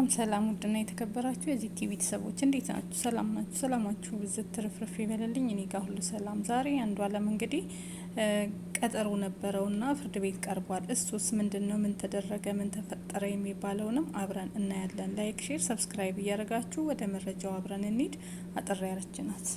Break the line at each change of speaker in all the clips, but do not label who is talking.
በጣም ሰላም ውድና የተከበራችሁ የዚህ ቲቪ ቤተሰቦች እንዴት ናችሁ? ሰላም ናችሁ? ሰላማችሁ ብዝት ትርፍርፍ ይበለልኝ። እኔ ጋር ሁሉ ሰላም። ዛሬ አንዱ አለም እንግዲህ ቀጠሮ ነበረውና ፍርድ ቤት ቀርቧል። እሱስ ምንድን ነው? ምን ተደረገ? ምን ተፈጠረ? የሚባለውንም አብረን እናያለን። ላይክ፣ ሼር፣ ሰብስክራይብ እያደረጋችሁ ወደ መረጃው አብረን እንሂድ። አጠር ያለች ናት።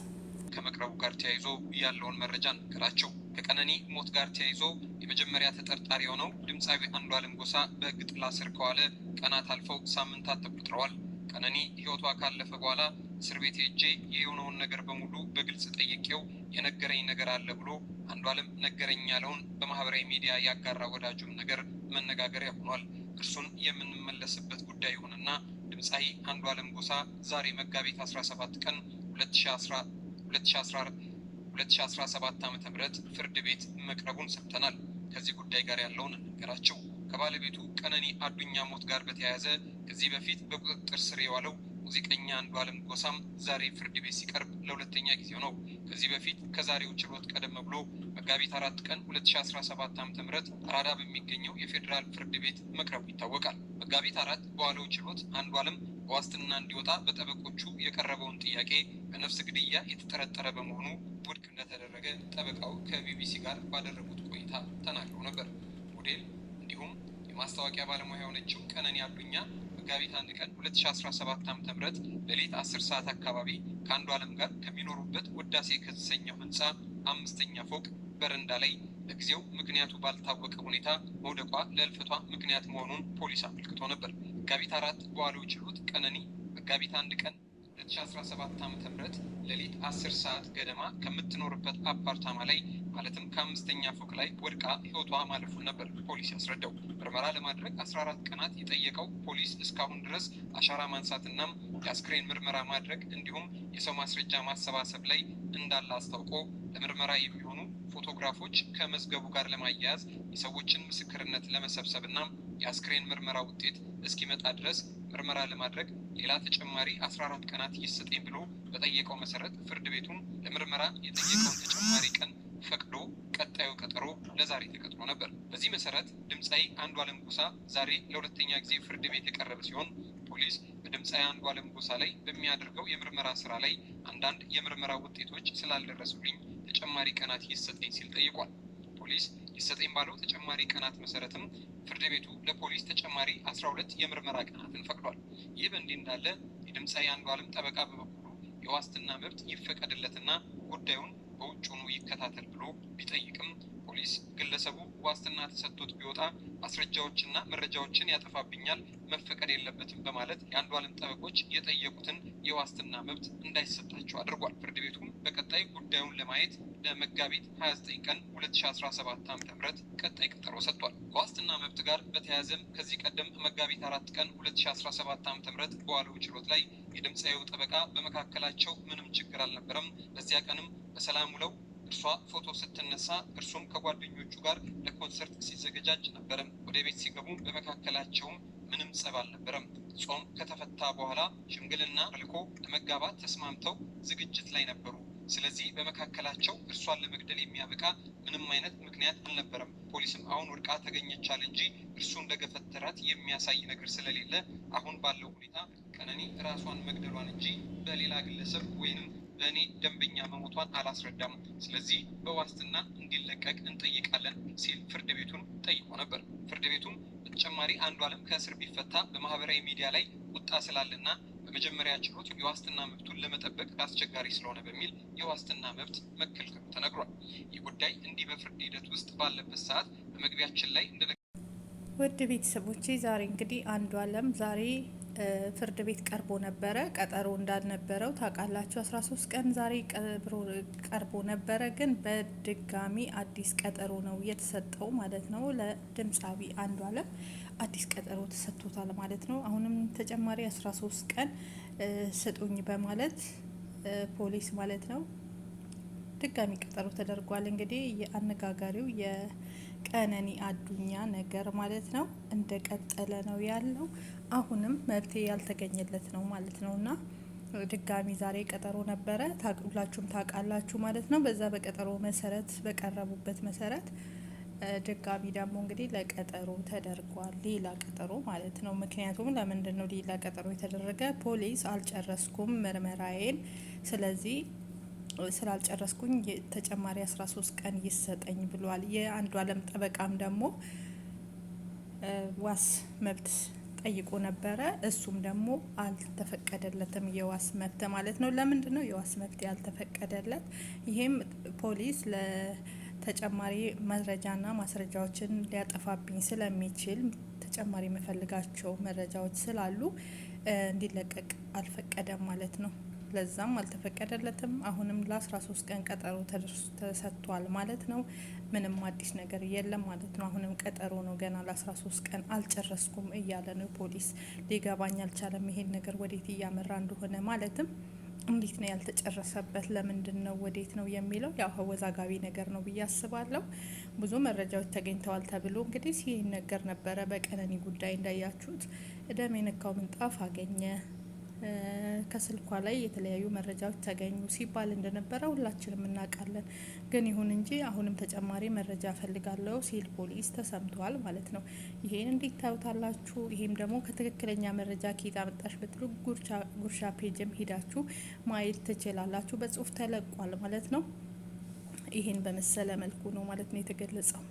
ከመቅረቡ ጋር ተያይዞ ያለውን መረጃ ነገራቸው ከቀነኒ ሞት ጋር ተያይዞ የመጀመሪያ ተጠርጣሪ የሆነው ድምፃዊ አንዷለም ጎሳ በሕግ ጥላ ስር ከዋለ ቀናት አልፈው ሳምንታት ተቆጥረዋል። ቀነኒ ሕይወቷ ካለፈ በኋላ እስር ቤት ሄጄ የሆነውን ነገር በሙሉ በግልጽ ጠይቄው የነገረኝ ነገር አለ ብሎ አንዷለም ነገረኝ ያለውን በማህበራዊ ሚዲያ ያጋራ ወዳጁም ነገር መነጋገሪያ ሆኗል። እርሱን የምንመለስበት ጉዳይ ይሁንና ድምፃዊ አንዷለም ጎሳ ዛሬ መጋቢት 17 ቀን 2017 ዓ.ም ፍርድ ቤት መቅረቡን ሰምተናል። ከዚህ ጉዳይ ጋር ያለውን እንገራቸው። ከባለቤቱ ቀነኒ አዱኛ ሞት ጋር በተያያዘ ከዚህ በፊት በቁጥጥር ስር የዋለው ሙዚቀኛ አንዱዓለም ጎሳም ዛሬ ፍርድ ቤት ሲቀርብ ለሁለተኛ ጊዜው ነው። ከዚህ በፊት ከዛሬው ችሎት ቀደም ብሎ መጋቢት አራት ቀን 2017 ዓ ም አራዳ በሚገኘው የፌዴራል ፍርድ ቤት መቅረቡ ይታወቃል። መጋቢት አራት በዋለው ችሎት አንዱዓለም በዋስትና እንዲወጣ በጠበቆቹ የቀረበውን ጥያቄ በነፍስ ግድያ የተጠረጠረ በመሆኑ ውድቅ እንደተደረገ ጠበቃው ከቢቢሲ ጋር ባደረጉት ተናግረው ነበር። ሞዴል እንዲሁም የማስታወቂያ ባለሙያ የሆነችው ቀነኒ አዱኛ መጋቢት አንድ ቀን 2017 ዓ ም ሌሊት 10 ሰዓት አካባቢ ከአንዱ ዓለም ጋር ከሚኖሩበት ወዳሴ ከተሰኘው ህንፃ አምስተኛ ፎቅ በረንዳ ላይ ለጊዜው ምክንያቱ ባልታወቀ ሁኔታ መውደቋ ለእልፈቷ ምክንያት መሆኑን ፖሊስ አመልክቶ ነበር። መጋቢት አራት በዋለው ችሎት ቀነኒ መጋቢት አንድ ቀን 2017 ዓ ም ሌሊት 10 ሰዓት ገደማ ከምትኖርበት አፓርታማ ላይ ማለትም ከአምስተኛ ፎቅ ላይ ወድቃ ህይወቷ ማለፉን ነበር ፖሊስ ያስረዳው። ምርመራ ለማድረግ 14 ቀናት የጠየቀው ፖሊስ እስካሁን ድረስ አሻራ ማንሳትና የአስክሬን ምርመራ ማድረግ እንዲሁም የሰው ማስረጃ ማሰባሰብ ላይ እንዳለ አስታውቆ ለምርመራ የሚሆኑ ፎቶግራፎች ከመዝገቡ ጋር ለማያያዝ የሰዎችን ምስክርነት ለመሰብሰብና የአስክሬን ምርመራ ውጤት እስኪመጣ ድረስ ምርመራ ለማድረግ ሌላ ተጨማሪ አስራ አራት ቀናት ይሰጠኝ ብሎ በጠየቀው መሰረት ፍርድ ቤቱም ለምርመራ የጠየቀውን ተጨማሪ ቀን ፈቅዶ ቀጣዩ ቀጠሮ ለዛሬ ተቀጥሮ ነበር። በዚህ መሰረት ድምፃዊ አንዱ አለም ጎሳ ዛሬ ለሁለተኛ ጊዜ ፍርድ ቤት የቀረበ ሲሆን ፖሊስ በድምፃዊ አንዱ አለም ጎሳ ላይ በሚያደርገው የምርመራ ስራ ላይ አንዳንድ የምርመራ ውጤቶች ስላልደረሱልኝ ተጨማሪ ቀናት ይሰጠኝ ሲል ጠይቋል። ፖሊስ ይሰጠኝ ባለው ተጨማሪ ቀናት መሰረትም ፍርድ ቤቱ ለፖሊስ ተጨማሪ አስራ ሁለት የምርመራ ቀናትን ፈቅዷል። ይህ በእንዲህ እንዳለ የድምፃዊ አንዷለም ጠበቃ በበኩሉ የዋስትና መብት ይፈቀድለትና ጉዳዩን በውጭ ሆኖ ይከታተል ብሎ ቢጠይቅም ፖሊስ ግለሰቡ ዋስትና ተሰጥቶት ቢወጣ ማስረጃዎችና መረጃዎችን ያጠፋብኛል፣ መፈቀድ የለበትም በማለት የአንዷለም ጠበቆች የጠየቁትን የዋስትና መብት እንዳይሰጣቸው አድርጓል። ፍርድ ቤቱም በቀጣይ ጉዳዩን ለማየት ለመጋቢት 29 ቀን 2017 ዓ ም ቀጣይ ቀጠሮ ሰጥቷል። ከዋስትና መብት ጋር በተያያዘም ከዚህ ቀደም መጋቢት አራት ቀን 2017 ዓ ም በዋለው ችሎት ላይ የድምፃዊው ጠበቃ በመካከላቸው ምንም ችግር አልነበረም፣ በዚያ ቀንም በሰላም ውለው እርሷ ፎቶ ስትነሳ እርሱም ከጓደኞቹ ጋር ለኮንሰርት ሲዘገጃጅ ነበረም። ወደ ቤት ሲገቡም በመካከላቸውም ምንም ጸብ አልነበረም። ጾም ከተፈታ በኋላ ሽምግልና ልኮ ለመጋባት ተስማምተው ዝግጅት ላይ ነበሩ። ስለዚህ በመካከላቸው እርሷን ለመግደል የሚያበቃ ምንም አይነት ምክንያት አልነበረም። ፖሊስም አሁን ወድቃ ተገኘቻል እንጂ እርሱ እንደገፈተራት የሚያሳይ ነገር ስለሌለ አሁን ባለው ሁኔታ ቀነኒ ራሷን መግደሏን እንጂ በሌላ ግለሰብ ወይንም በእኔ ደንበኛ መሞቷን አላስረዳም። ስለዚህ በዋስትና እንዲለቀቅ እንጠይቃለን ሲል ፍርድ ቤቱን ጠይቆ ነበር። ፍርድ ቤቱም በተጨማሪ አንዱ አለም ከእስር ቢፈታ በማህበራዊ ሚዲያ ላይ ቁጣ ስላለና መጀመሪያ ችሎት የዋስትና መብቱን ለመጠበቅ አስቸጋሪ ስለሆነ በሚል የዋስትና መብት መከልከሉ ተነግሯል። ይህ ጉዳይ እንዲህ በፍርድ ሂደት ውስጥ ባለበት ሰዓት በመግቢያችን ላይ እንደነ
ውድ ቤተሰቦቼ ዛሬ እንግዲህ አንዱ አለም ዛሬ ፍርድ ቤት ቀርቦ ነበረ። ቀጠሮ እንዳልነበረው ታውቃላችሁ። 13 ቀን ዛሬ ቀርቦ ነበረ፣ ግን በድጋሚ አዲስ ቀጠሮ ነው የተሰጠው ማለት ነው። ለድምፃዊ አንዷለም አዲስ ቀጠሮ ተሰጥቶታል ማለት ነው። አሁንም ተጨማሪ 13 ቀን ስጡኝ በማለት ፖሊስ ማለት ነው ድጋሚ ቀጠሮ ተደርጓል። እንግዲህ የአነጋጋሪው ቀነኒ አዱኛ ነገር ማለት ነው እንደቀጠለ ነው ያለው። አሁንም መብቴ ያልተገኘለት ነው ማለት ነው እና ድጋሚ ዛሬ ቀጠሮ ነበረ፣ ሁላችሁም ታውቃላችሁ ማለት ነው። በዛ በቀጠሮ መሰረት በቀረቡበት መሰረት ድጋሚ ደግሞ እንግዲህ ለቀጠሮ ተደርጓል፣ ሌላ ቀጠሮ ማለት ነው። ምክንያቱም ለምንድን ነው ሌላ ቀጠሮ የተደረገ? ፖሊስ አልጨረስኩም ምርመራዬን፣ ስለዚህ ስላልጨረስኩኝ ተጨማሪ 13 ቀን ይሰጠኝ ብሏል። የአንዱ አለም ጠበቃም ደግሞ ዋስ መብት ጠይቆ ነበረ። እሱም ደግሞ አልተፈቀደለትም የዋስ መብት ማለት ነው። ለምንድን ነው የዋስ መብት ያልተፈቀደለት? ይሄም ፖሊስ ለተጨማሪ መረጃና ማስረጃዎችን ሊያጠፋብኝ ስለሚችል ተጨማሪ የምፈልጋቸው መረጃዎች ስላሉ እንዲለቀቅ አልፈቀደም ማለት ነው። ለዛም አልተፈቀደለትም። አሁንም ለ13 ቀን ቀጠሮ ተሰጥቷል ማለት ነው። ምንም አዲስ ነገር የለም ማለት ነው። አሁንም ቀጠሮ ነው። ገና ለ13 ቀን አልጨረስኩም እያለ ነው ፖሊስ። ሊገባኝ አልቻለም ይሄን ነገር ወዴት እያመራ እንደሆነ ማለትም እንዴት ነው ያልተጨረሰበት? ለምንድን ነው ወዴት ነው የሚለው ያው አወዛጋቢ ነገር ነው ብዬ አስባለሁ። ብዙ መረጃዎች ተገኝተዋል ተብሎ እንግዲህ ሲነገር ነበረ። በቀነኒ ጉዳይ እንዳያችሁት ደም የነካው ምንጣፍ አገኘ ከስልኳ ላይ የተለያዩ መረጃዎች ተገኙ ሲባል እንደነበረ ሁላችንም እናውቃለን። ግን ይሁን እንጂ አሁንም ተጨማሪ መረጃ ፈልጋለሁ ሲል ፖሊስ ተሰምቷል ማለት ነው። ይሄን እንዴት ታዩታላችሁ? ይሄም ደግሞ ከትክክለኛ መረጃ ከየት አመጣሽ ብትሉ ጉርሻ ፔጅም ሂዳችሁ ማየት ትችላላችሁ። በጽሁፍ ተለቋል ማለት ነው። ይሄን በመሰለ መልኩ ነው ማለት ነው የተገለጸው።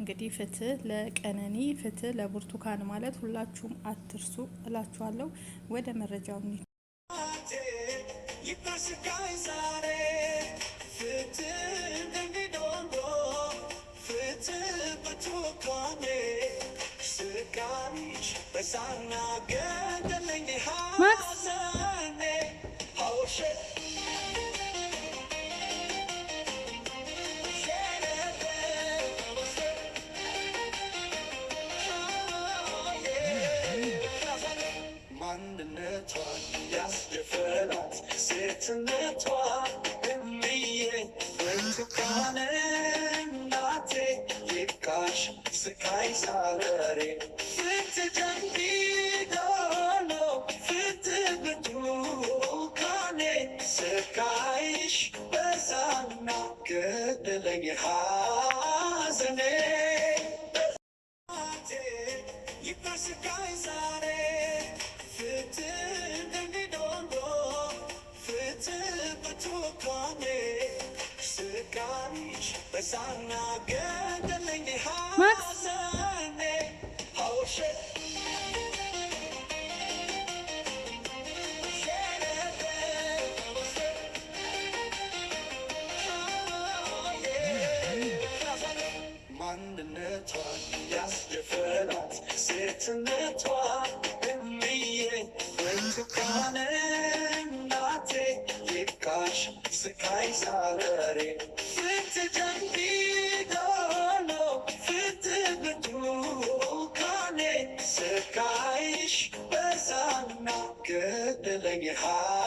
እንግዲህ ፍትህ ለቀነኒ ፍትህ ለብርቱካን ማለት ሁላችሁም አትርሱ እላችኋለሁ። ወደ መረጃው ኒ ፍትህ በልጅነቷ እምዬ ብርቱካን እናቴ ይብቃሽ ስቃይ ዛረሬ ስትጨንቂ ዳሎ ፍትህ ብርቱካኔ ስቃይሽ በዛና ገደለኝ ማክስ sikhai saare fit jandi dono fit bidu kane sikhai shazana ke dil ki